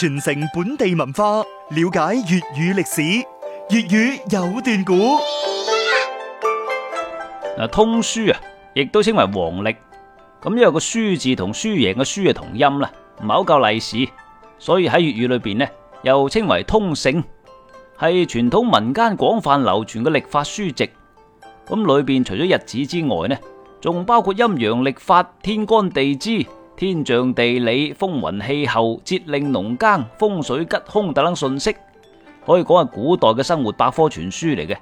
傳承本地文化，了解粵語歷史，粵語有段古。嗱，通書啊，亦都稱為黃曆，咁因為個書字同輸贏嘅輸啊同音啦，唔係好夠利市，所以喺粵語裏邊咧，又稱為通勝，係傳統民間廣泛流傳嘅曆法書籍。咁裏邊除咗日子之外咧，仲包括陰陽曆法、天干地支。天象地理、風雲氣候、節令農耕、風水吉凶等等信息，可以講係古代嘅生活百科全書嚟嘅。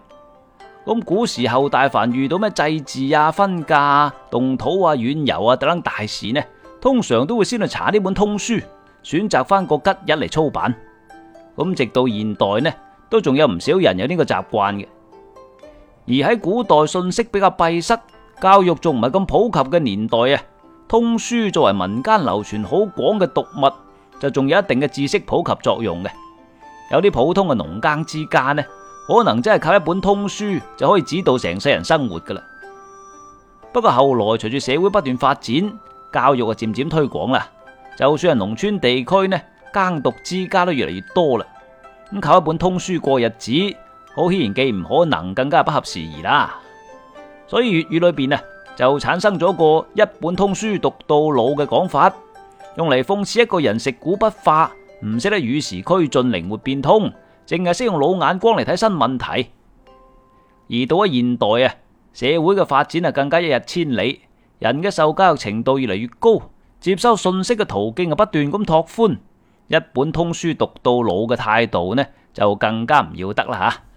咁古時候，大凡遇到咩祭祀啊、婚嫁、動土啊、遠遊啊等等大事呢，通常都會先去查呢本通書，選擇翻個吉日嚟操辦。咁直到現代呢，都仲有唔少人有呢個習慣嘅。而喺古代，信息比較閉塞，教育仲唔係咁普及嘅年代啊。通書作為民間流傳好廣嘅讀物，就仲有一定嘅知識普及作用嘅。有啲普通嘅農耕之家呢，可能真係靠一本通書就可以指導成世人生活噶啦。不過後來隨住社會不斷發展，教育啊漸漸推廣啦，就算係農村地區呢，耕讀之家都越嚟越多啦。咁靠一本通書過日子，好顯然既唔可能，更加不合時宜啦。所以粵語裏邊啊。就產生咗個一本通書讀到老嘅講法，用嚟諷刺一個人食古不化，唔識得與時俱進、靈活變通，淨係識用老眼光嚟睇新問題。而到咗現代啊，社會嘅發展啊更加一日千里，人嘅受教育程度越嚟越高，接收信息嘅途徑啊不斷咁拓寬，一本通書讀到老嘅態度呢，就更加唔要得啦吓。